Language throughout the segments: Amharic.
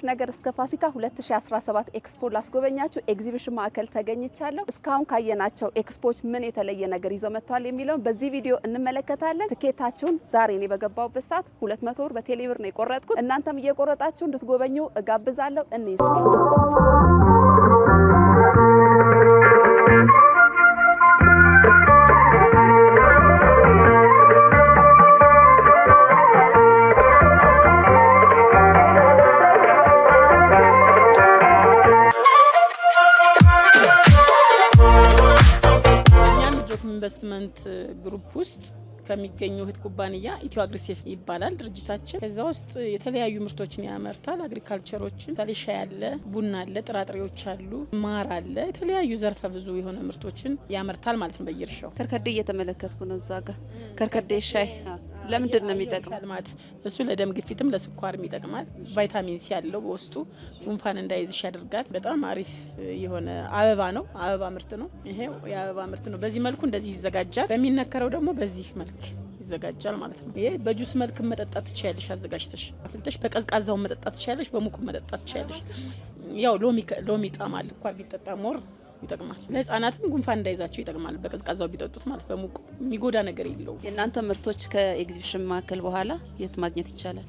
አዲስ ነገር እስከ ፋሲካ 2017 ኤክስፖ ላስጎበኛችሁ ኤግዚቢሽን ማዕከል ተገኝቻለሁ። እስካሁን ካየናቸው ኤክስፖች ምን የተለየ ነገር ይዘው መጥተዋል የሚለውን በዚህ ቪዲዮ እንመለከታለን። ትኬታችሁን ዛሬ እኔ በገባሁበት ሰዓት 200 ብር በቴሌ ብር ነው የቆረጥኩት። እናንተም እየቆረጣችሁ እንድትጎበኙ እጋብዛለሁ። እስኪ። ኢንቨስትመንት ግሩፕ ውስጥ ከሚገኙ እህት ኩባንያ ኢትዮ አግሪሴፍ ይባላል ድርጅታችን። ከዛ ውስጥ የተለያዩ ምርቶችን ያመርታል። አግሪካልቸሮችን ምሳሌ ሻይ አለ፣ ቡና አለ፣ ጥራጥሬዎች አሉ፣ ማር አለ። የተለያዩ ዘርፈ ብዙ የሆነ ምርቶችን ያመርታል ማለት ነው በየርሻው ከርከዴ እየተመለከትኩ ነው እዛ ጋር ከርከዴ ሻይ ለምንድን ነው የሚጠቅመው? ልማት እሱ ለደም ግፊትም ለስኳርም ይጠቅማል። ቫይታሚን ሲ ያለው በውስጡ ጉንፋን እንዳይዝሽ ያደርጋል። በጣም አሪፍ የሆነ አበባ ነው። አበባ ምርት ነው። ይሄ የአበባ ምርት ነው። በዚህ መልኩ እንደዚህ ይዘጋጃል። በሚነከረው ደግሞ በዚህ መልክ ይዘጋጃል ማለት ነው። ይሄ በጁስ መልክ መጠጣት ትችያለሽ፣ አዘጋጅተሽ አፍልተሽ። በቀዝቃዛውን መጠጣት ትችያለሽ፣ በሙቁ መጠጣት ትችያለሽ። ያው ሎሚ ሎሚ ጣም አለ ቢጠጣ ሞር ይጠቅማል። ለህጻናትም ጉንፋን እንዳይዛቸው ይጠቅማል። በቀዝቃዛው ቢጠጡት ማለት በሙቁ የሚጎዳ ነገር የለውም። የእናንተ ምርቶች ከኤግዚቢሽን ማዕከል በኋላ የት ማግኘት ይቻላል?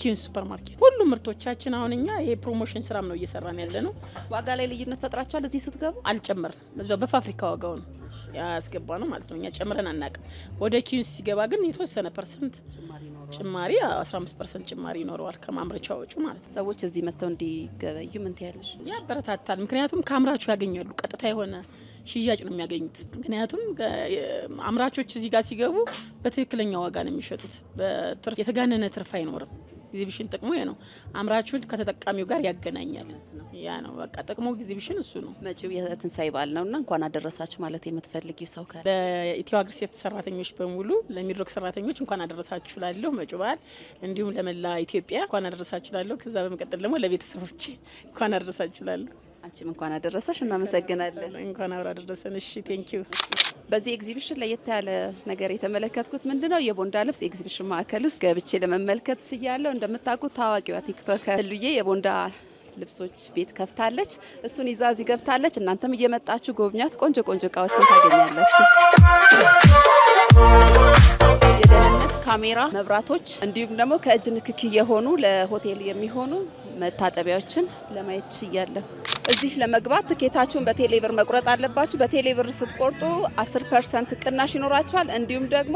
ኪንስ ሱፐር ማርኬት ሁሉ ምርቶቻችን አሁን እኛ ይሄ ፕሮሞሽን ስራም ነው እየሰራን ያለ ነው። ዋጋ ላይ ልዩነት ፈጥራቸዋል እዚህ ስትገቡ አልጨመርን፣ እዛው በፋብሪካ ነው ያስገባ ነው ማለት ነው። እኛ ጨምረን አናውቅም። ወደ ኪንስ ሲገባ ግን የተወሰነ ፐርሰንት ጭማሪ 15 ፐርሰንት ጭማሪ ይኖረዋል ከማምረቻ ወጪ ማለት ነው። ሰዎች እዚህ መጥተው እንዲገበዩ ምንት ያለሽ ያበረታታል። ምክንያቱም ከአምራቹ ያገኛሉ ቀጥታ የሆነ ሽያጭ ነው የሚያገኙት። ምክንያቱም አምራቾች እዚህ ጋር ሲገቡ በትክክለኛ ዋጋ ነው የሚሸጡት። የተጋነነ ትርፍ አይኖርም። ኤግዚቢሽን ጥቅሙ ነው። አምራቹን ከተጠቃሚው ጋር ያገናኛል። ያ ነው በቃ ጥቅሙ ኤግዚቢሽን እሱ ነው። መጪው የትንሳኤ በዓል እና እንኳን አደረሳችሁ ማለት የምትፈልግ ሰው ካለ ለኢትዮ አግሪሴፕት ሰራተኞች በሙሉ ለሚድሮክ ሰራተኞች እንኳን አደረሳችሁ ላለሁ መጪው በዓል እንዲሁም ለመላ ኢትዮጵያ እንኳን አደረሳችሁ ላለሁ። ከዛ በመቀጠል ደግሞ ለቤተሰቦቼ እንኳን አደረሳችሁ ላለሁ። አንቺም እንኳን አደረሰሽ። እናመሰግናለን። እንኳን አብራ አደረሰን። እሺ ዩ። በዚህ ኤግዚቢሽን ለየት ያለ ነገር የተመለከትኩት ምንድነው የቦንዳ ልብስ ኤግዚቢሽን ማዕከል ውስጥ ገብቼ ለመመልከት ችያለሁ። እንደምታውቁት ታዋቂዋ ቲክቶክ ልዬ የቦንዳ ልብሶች ቤት ከፍታለች። እሱን ይዛ እዚህ ገብታለች። እናንተም እየመጣችሁ ጎብኛት። ቆንጆ ቆንጆ እቃዎችን ታገኛላችሁ። የደህንነት ካሜራ፣ መብራቶች እንዲሁም ደግሞ ከእጅ ንክኪ የሆኑ ለሆቴል የሚሆኑ መታጠቢያዎችን ለማየት ችያለሁ። እዚህ ለመግባት ትኬታችሁን በቴሌብር መቁረጥ አለባችሁ። በቴሌብር ስትቆርጡ 10 ፐርሰንት ቅናሽ ይኖራችኋል። እንዲሁም ደግሞ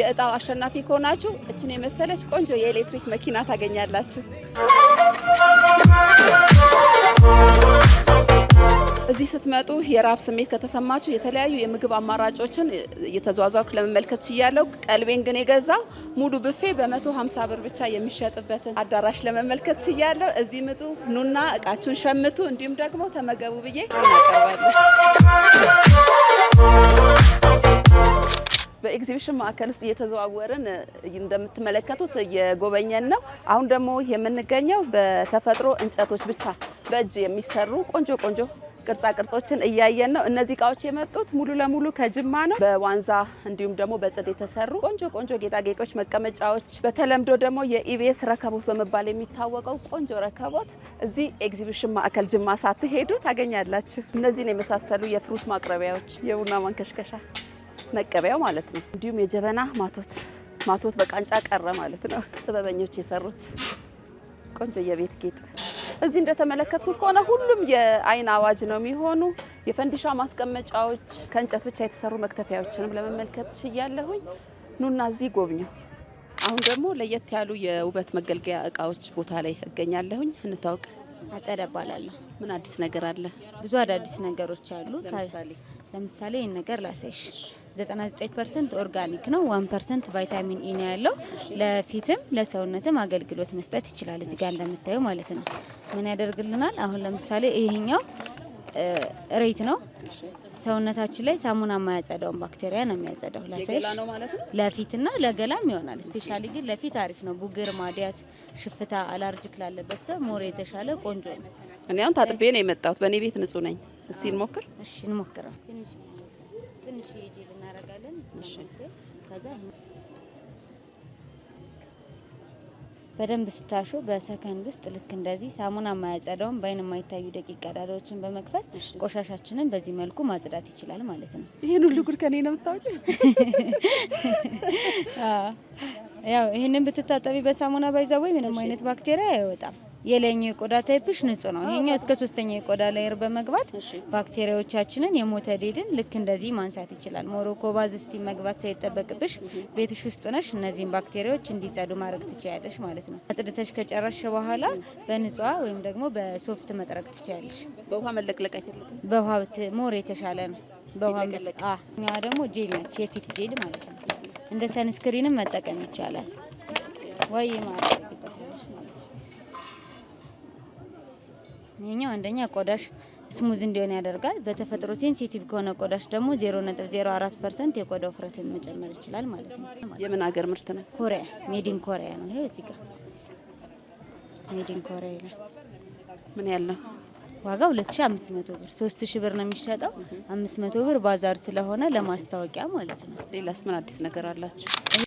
የእጣው አሸናፊ ከሆናችሁ እችን የመሰለች ቆንጆ የኤሌክትሪክ መኪና ታገኛላችሁ። እዚህ ስትመጡ የረሃብ ስሜት ከተሰማችሁ የተለያዩ የምግብ አማራጮችን እየተዘዋወርኩ ለመመልከት ችያለሁ። ቀልቤን ግን የገዛው ሙሉ ብፌ በ150 ብር ብቻ የሚሸጥበትን አዳራሽ ለመመልከት ችያለሁ። እዚህ ምጡ፣ ኑና እቃችሁን ሸምቱ፣ እንዲሁም ደግሞ ተመገቡ ብዬ እናቀርባለሁ። በኤግዚቢሽን ማዕከል ውስጥ እየተዘዋወርን እንደምትመለከቱት እየጎበኘን ነው። አሁን ደግሞ የምንገኘው በተፈጥሮ እንጨቶች ብቻ በእጅ የሚሰሩ ቆንጆ ቆንጆ ቅርጻ ቅርጾችን እያየን ነው። እነዚህ እቃዎች የመጡት ሙሉ ለሙሉ ከጅማ ነው። በዋንዛ እንዲሁም ደግሞ በጽድ የተሰሩ ቆንጆ ቆንጆ ጌጣጌጦች፣ መቀመጫዎች በተለምዶ ደግሞ የኢቢኤስ ረከቦት በመባል የሚታወቀው ቆንጆ ረከቦት እዚህ ኤግዚቢሽን ማዕከል ጅማ ሳትሄዱ ታገኛላችሁ። እነዚህን የመሳሰሉ የፍሩት ማቅረቢያዎች፣ የቡና ማንከሽከሻ መቀበያው ማለት ነው። እንዲሁም የጀበና ማቶት ማቶት በቃንጫ ቀረ ማለት ነው። ጥበበኞች የሰሩት ቆንጆ የቤት ጌጥ እዚህ እንደተመለከትኩት ከሆነ ሁሉም የአይን አዋጅ ነው የሚሆኑ የፈንዲሻ ማስቀመጫዎች፣ ከእንጨት ብቻ የተሰሩ መክተፊያዎችንም ለመመልከት ችያለሁኝ። ኑና እዚህ ጎብኙ። አሁን ደግሞ ለየት ያሉ የውበት መገልገያ እቃዎች ቦታ ላይ እገኛለሁኝ። እንታወቅ አጸደ እባላለሁ። ምን አዲስ ነገር አለ? ብዙ አዳዲስ ነገሮች አሉ። ለምሳሌ ይህን ነገር ላሳይሽ። 99 ፐርሰንት ኦርጋኒክ ነው። ዋን ፐርሰንት ቫይታሚን ኢ e ነው ያለው። ለፊትም ለሰውነትም አገልግሎት መስጠት ይችላል። እዚህ ጋር እንደምታዩ ማለት ነው። ምን ያደርግልናል? አሁን ለምሳሌ ይሄኛው ሬት ነው። ሰውነታችን ላይ ሳሙና የማያጸዳውን ባክቴሪያ ነው የሚያጸዳው። ላሳይሽ፣ ለፊትና ለገላም ይሆናል። ስፔሻሊ ግን ለፊት አሪፍ ነው። ቡግር፣ ማዲያት፣ ሽፍታ፣ አላርጂክ ላለበት ሰው ሞር የተሻለ ቆንጆ ነው። እኔ አሁን ታጥቤ ነው የመጣሁት። በእኔ ቤት ንጹህ ነኝ። እስቲ እንሞክር። እሺ እንሞክረው ትንሽ ጅል እናደርጋለን። ከዛ በደንብ ስታሹ በሰከንድ ውስጥ ልክ እንደዚህ ሳሙና ማያጸዳውን በአይን የማይታዩ ደቂቅ ቀዳዳዎችን በመክፈት ቆሻሻችንን በዚህ መልኩ ማጽዳት ይችላል ማለት ነው። ይህን ሁሉ ጉድ ከኔ ነው የምታወጪው? ያው ይህንን ብትታጠቢ በሳሙና ባይዛወይ ምንም አይነት ባክቴሪያ አይወጣም። የላይኛው የቆዳ ታይፕሽ ንጹህ ነው። ይሄኛው እስከ ሶስተኛው የቆዳ ላይር በመግባት ባክቴሪያዎቻችንን የሞተ ዴድን ልክ እንደዚህ ማንሳት ይችላል። ሞሮኮ ባዝ መግባት ሳይጠበቅብሽ ቤትሽ ውስጥ ነሽ እነዚህን ባክቴሪያዎች እንዲጸዱ ማድረግ ትችያለሽ ማለት ነው። አጽድተሽ ከጨረሽ በኋላ በንጹህ ወይም ደግሞ በሶፍት መጥረግ ትችያለሽ። በውሃ መለቅለቅ አይፈልግም። በውሃ ሞር የተሻለ ነው። በውሃ መለቅለቅ እኛ ደግሞ ጄል ነች፣ የፊት ጄል ማለት ነው። እንደ ሰንስክሪንም መጠቀም ይቻላል ወይ ማለት ይሄኛው አንደኛ ቆዳሽ ስሙዝ እንዲሆን ያደርጋል። በተፈጥሮ ሴንሲቲቭ ከሆነ ቆዳሽ ደግሞ 0.04 ፐርሰንት የቆዳ ውፍረትን መጨመር ይችላል ማለት ነው። የምን ሀገር ምርት ነው? ኮሪያ ሜዲን ኮሪያ ነው። ይሄ እዚህ ጋር ሜዲን ኮሪያ ይላል። ምን ያህል ዋጋው? 2500 ብር 3000 ብር ነው የሚሸጠው። 500 ብር ባዛር ስለሆነ ለማስታወቂያ ማለት ነው። ሌላስ ምን አዲስ ነገር አላችሁ?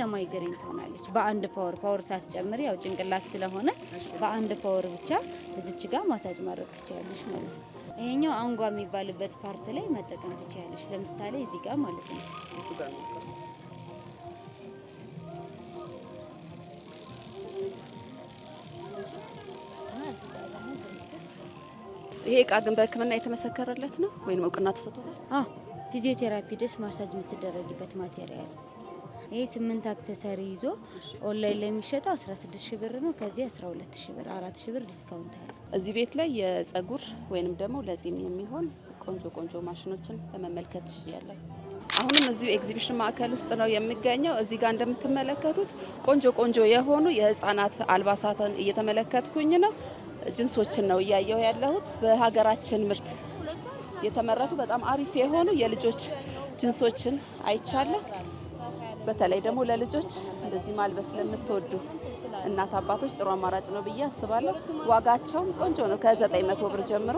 ለማይግሬን ትሆናለች። በአንድ ፓወር ፓወር ሳትጨምር ያው ጭንቅላት ስለሆነ በአንድ ፓወር ብቻ እዚች ጋር ማሳጅ ማድረግ ትችላለች ማለት ነው። ይሄኛው አንጓ የሚባልበት ፓርት ላይ መጠቀም ትችላለች። ለምሳሌ እዚህ ጋር ማለት ነው። ይሄ እቃ ግን በሕክምና የተመሰከረለት ነው ወይም እውቅና ተሰጥቶታል? ፊዚዮቴራፒ ደስ ማሳጅ የምትደረግበት ማቴሪያል ይህ ስምንት አክሰሰሪ ይዞ ኦንላይን ላይ የሚሸጠው 16 ብር ነው። ከዚህ 12 ብር፣ 4 ብር ዲስካውንት አለ። እዚህ ቤት ላይ የጸጉር ወይንም ደግሞ ለጺም የሚሆን ቆንጆ ቆንጆ ማሽኖችን ለመመልከት ችያለሁ። አሁንም እዚሁ ኤግዚቢሽን ማዕከል ውስጥ ነው የሚገኘው። እዚህ ጋር እንደምትመለከቱት ቆንጆ ቆንጆ የሆኑ የህፃናት አልባሳትን እየተመለከትኩኝ ነው። ጅንሶችን ነው እያየው ያለሁት። በሀገራችን ምርት የተመረቱ በጣም አሪፍ የሆኑ የልጆች ጅንሶችን አይቻለሁ። በተለይ ደግሞ ለልጆች እንደዚህ ማልበስ ለምትወዱ እናት አባቶች ጥሩ አማራጭ ነው ብዬ አስባለሁ። ዋጋቸውም ቆንጆ ነው። ከዘጠኝ መቶ ብር ጀምሮ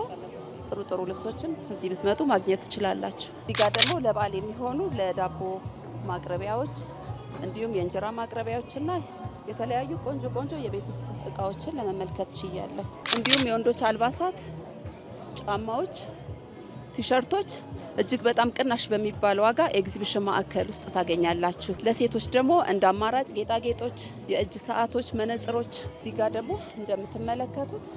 ጥሩ ጥሩ ልብሶችን እዚህ ብትመጡ ማግኘት ትችላላችሁ። እዚህ ጋር ደግሞ ለበዓል የሚሆኑ ለዳቦ ማቅረቢያዎች እንዲሁም የእንጀራ ማቅረቢያዎችና የተለያዩ ቆንጆ ቆንጆ የቤት ውስጥ እቃዎችን ለመመልከት ችያለሁ። እንዲሁም የወንዶች አልባሳት፣ ጫማዎች፣ ቲሸርቶች እጅግ በጣም ቅናሽ በሚባል ዋጋ ኤግዚቢሽን ማዕከል ውስጥ ታገኛላችሁ። ለሴቶች ደግሞ እንደ አማራጭ ጌጣጌጦች፣ የእጅ ሰዓቶች፣ መነጽሮች እዚህ ጋር ደግሞ እንደምትመለከቱት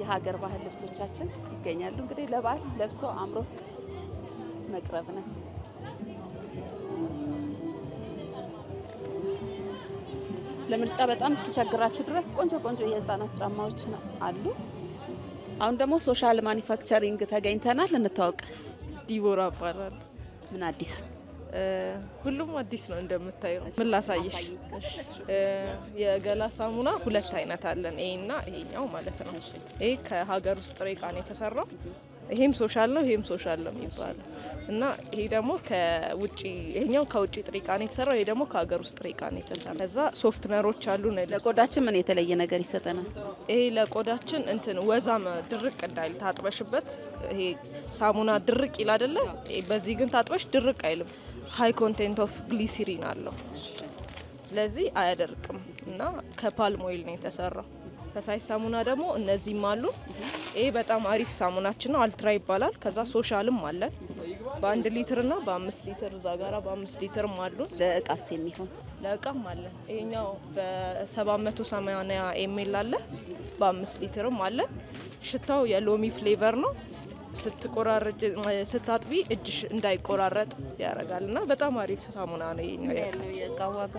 የሀገር ባህል ልብሶቻችን ይገኛሉ። እንግዲህ ለበዓል ለብሶ አምሮ መቅረብ ነው። ለምርጫ በጣም እስኪቸግራችሁ ድረስ ቆንጆ ቆንጆ የህፃናት ጫማዎች አሉ። አሁን ደግሞ ሶሻል ማኒፋክቸሪንግ ተገኝተናል። እንታወቅ። ዲቦራ እባላለሁ። ምን አዲስ? ሁሉም አዲስ ነው እንደምታየው። ምን ላሳየሽ? የገላ ሳሙና ሁለት አይነት አለን፣ ይሄና ይሄኛው ማለት ነው። ይሄ ከሀገር ውስጥ ጥሬ ዕቃ ነው የተሰራው ይሄም ሶሻል ነው ይሄም ሶሻል ነው የሚባለው እና ይሄ ደግሞ ከውጭ ይሄኛው ከውጭ ጥሬ ዕቃ ነው የተሰራው፣ ይሄ ደግሞ ከሀገር ውስጥ ጥሬ ነው የተሰራው። ከዛ ሶፍትነሮች አሉ። ለቆዳችን ምን የተለየ ነገር ይሰጠናል? ይሄ ለቆዳችን እንትን ወዛም ድርቅ እንዳይል ታጥበሽበት፣ ይሄ ሳሙና ድርቅ ይል አይደለ? በዚህ ግን ታጥበሽ ድርቅ አይልም። ሀይ ኮንቴንት ኦፍ ግሊሲሪን አለው፣ ስለዚህ አያደርቅም እና ከፓልም ኦይል ነው የተሰራው። ፈሳሽ ሳሙና ደግሞ እነዚህም አሉ። ይሄ በጣም አሪፍ ሳሙናችን ነው፣ አልትራ ይባላል። ከዛ ሶሻልም አለን በአንድ ሊትር እና በአምስት ሊትር እዛ ጋራ በአምስት ሊትርም አሉ። ለእቃስ የሚሆን ለእቃም አለን። ይሄኛው በሰባት መቶ ሰማንያ ኤሜል አለ፣ በአምስት ሊትርም አለን። ሽታው የሎሚ ፍሌቨር ነው። ስታጥቢ እጅሽ እንዳይቆራረጥ ያደርጋል እና በጣም አሪፍ ሳሙና ነው። ይሄኛው የእቃ ዋጋ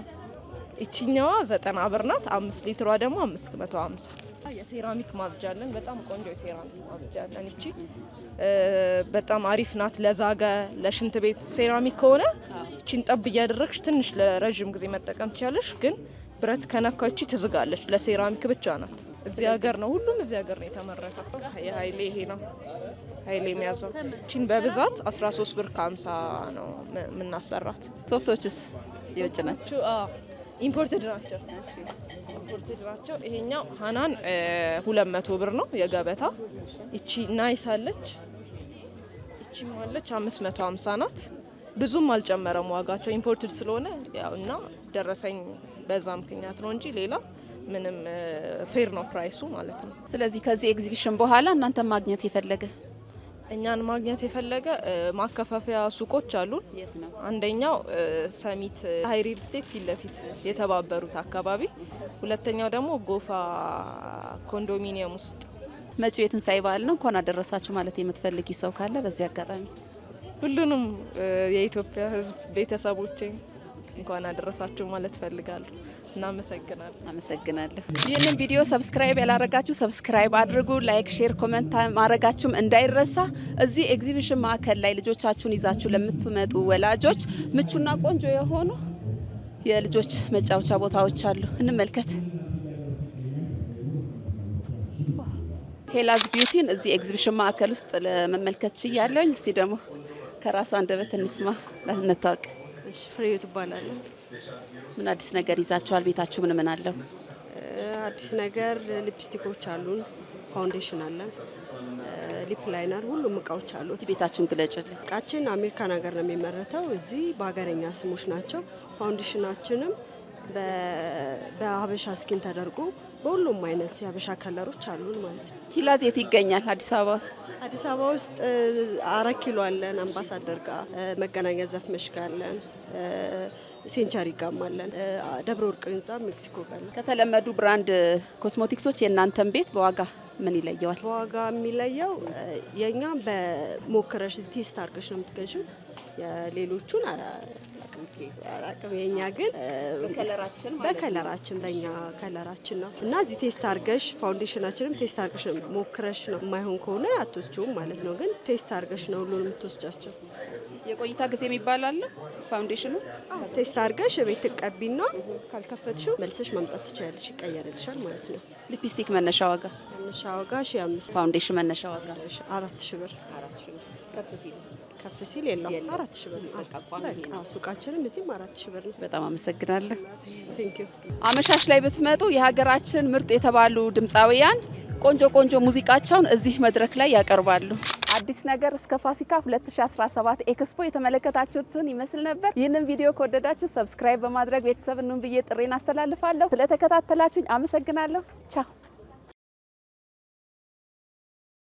ይችኛዋ ዘጠና ብር ናት። አምስት ሊትሯ ደግሞ አምስት መቶ ሀምሳ የሴራሚክ ማጽጃለን በጣም ቆንጆ የሴራሚክ ማጽጃለን። ይቺ በጣም አሪፍ ናት ለዛገ ለሽንት ቤት ሴራሚክ ከሆነ ይቺን ጠብ እያደረግሽ ትንሽ ለረዥም ጊዜ መጠቀም ትችላለሽ። ግን ብረት ከነካች ትዝጋለች። ለሴራሚክ ብቻ ናት። እዚህ ሀገር ነው ሁሉም እዚህ ሀገር ነው የተመረተ። የሀይሌ ይሄ ነው ሀይሌ የሚያዘው ይቺን በብዛት 13 ብር ከ50 ነው የምናሰራት። ሶፍቶችስ የውጭ ናቸው። ኢምፖርትድ ናቸው ኢምፖርትድ ናቸው። ይሄኛው ሀናን ሁለት መቶ ብር ነው የገበታ። እቺ ናይስ አለች፣ እቺም አለች አምስት መቶ ሀምሳ ናት። ብዙም አልጨመረም ዋጋቸው ኢምፖርትድ ስለሆነ ያው እና ደረሰኝ በዛ ምክንያት ነው እንጂ ሌላ ምንም ፌር ነው ፕራይሱ ማለት ነው። ስለዚህ ከዚህ ኤግዚቢሽን በኋላ እናንተ ማግኘት የፈለገ እኛን ማግኘት የፈለገ ማከፋፈያ ሱቆች አሉን። አንደኛው ሰሚት ሀይሪል ስቴት ፊት ለፊት የተባበሩት አካባቢ፣ ሁለተኛው ደግሞ ጎፋ ኮንዶሚኒየም ውስጥ። መጪው የትንሳኤ በዓል ነው። እንኳን አደረሳችሁ ማለት የምትፈልጊ ሰው ካለ በዚህ አጋጣሚ ሁሉንም የኢትዮጵያ ሕዝብ ቤተሰቦችን እንኳን አደረሳችሁ ማለት ፈልጋለሁ። እናመሰግናለሁ። አመሰግናለሁ። ይህንን ቪዲዮ ሰብስክራይብ ያላረጋችሁ ሰብስክራይብ አድርጉ። ላይክ፣ ሼር፣ ኮመንት ማድረጋችሁም እንዳይረሳ። እዚህ ኤግዚቢሽን ማዕከል ላይ ልጆቻችሁን ይዛችሁ ለምትመጡ ወላጆች ምቹና ቆንጆ የሆኑ የልጆች መጫወቻ ቦታዎች አሉ። እንመልከት። ሄላዝ ቢዩቲን እዚህ ኤግዚቢሽን ማዕከል ውስጥ ለመመልከት ችያለኝ። እስቲ ደግሞ ከራሷ አንደበት እንስማ፣ እንታወቅ። እሺ ፍሬው ምን አዲስ ነገር ይዛችኋል? ቤታችሁ ምን ምን አለው? አዲስ ነገር ሊፕስቲኮች አሉን፣ ፋውንዴሽን አለ፣ ሊፕ ላይነር፣ ሁሉም እቃዎች አሉ። ቤታችሁን ግለጭልን። እቃችን አሜሪካን ሀገር ነው የሚመረተው፣ እዚህ በሀገረኛ ስሞች ናቸው። ፋውንዴሽናችንም በሀበሻ ስኪን ተደርጎ በሁሉም አይነት የሀበሻ ከለሮች አሉን ማለት ነው። ሂላዝ የት ይገኛል? አዲስ አበባ ውስጥ አዲስ አበባ ውስጥ አራት ኪሎ አለን፣ አምባሳደር ጋር መገናኛ ዘፍ መሽጋለን? ሴንቸሪ ጋም ደብረ ወርቅ ህንፃ ሜክሲኮ ጋር ከተለመዱ ብራንድ ኮስሞቲክሶች የእናንተን ቤት በዋጋ ምን ይለየዋል? በዋጋ የሚለየው የእኛ በሞክረሽ ቴስት አድርገሽ ነው የምትገዙ የሌሎቹን አላቅም። የኛ ግን በከለራችን በእኛ ከለራችን ነው እና እዚህ ቴስት አድርገሽ ፋውንዴሽናችንም ቴስት አርገሽ ሞክረሽ ነው። የማይሆን ከሆነ አትወስጂውም ማለት ነው። ግን ቴስት አርገሽ ነው ሁሉንም የምትወስጃቸው። የቆይታ ጊዜ የሚባል አለ። ፋውንዴሽኑ ቴስት አድርገሽ ቤት ትቀቢና ካልከፈትሽው መልሰሽ መምጣት ትችላለሽ፣ ይቀየርልሻል ማለት ነው። ሊፕስቲክ መነሻ ዋጋ መነሻ ዋጋ ሺ አምስት ፋውንዴሽን መነሻ ዋጋ አራት ሺ ብር ከፍ ሲል የለው አራት ሺ ብር ሱቃችንም እዚህም አራት ሺ ብር ነው። በጣም አመሰግናለሁ። አመሻሽ ላይ ብትመጡ የሀገራችን ምርጥ የተባሉ ድምፃውያን ቆንጆ ቆንጆ ሙዚቃቸውን እዚህ መድረክ ላይ ያቀርባሉ። አዲስ ነገር እስከ ፋሲካ 2017 ኤክስፖ የተመለከታችሁትን ይመስል ነበር። ይህንን ቪዲዮ ከወደዳችሁ ሰብስክራይብ በማድረግ ቤተሰብ እንሁን ብዬ ጥሬን አስተላልፋለሁ። ስለተከታተላችሁኝ አመሰግናለሁ። ቻው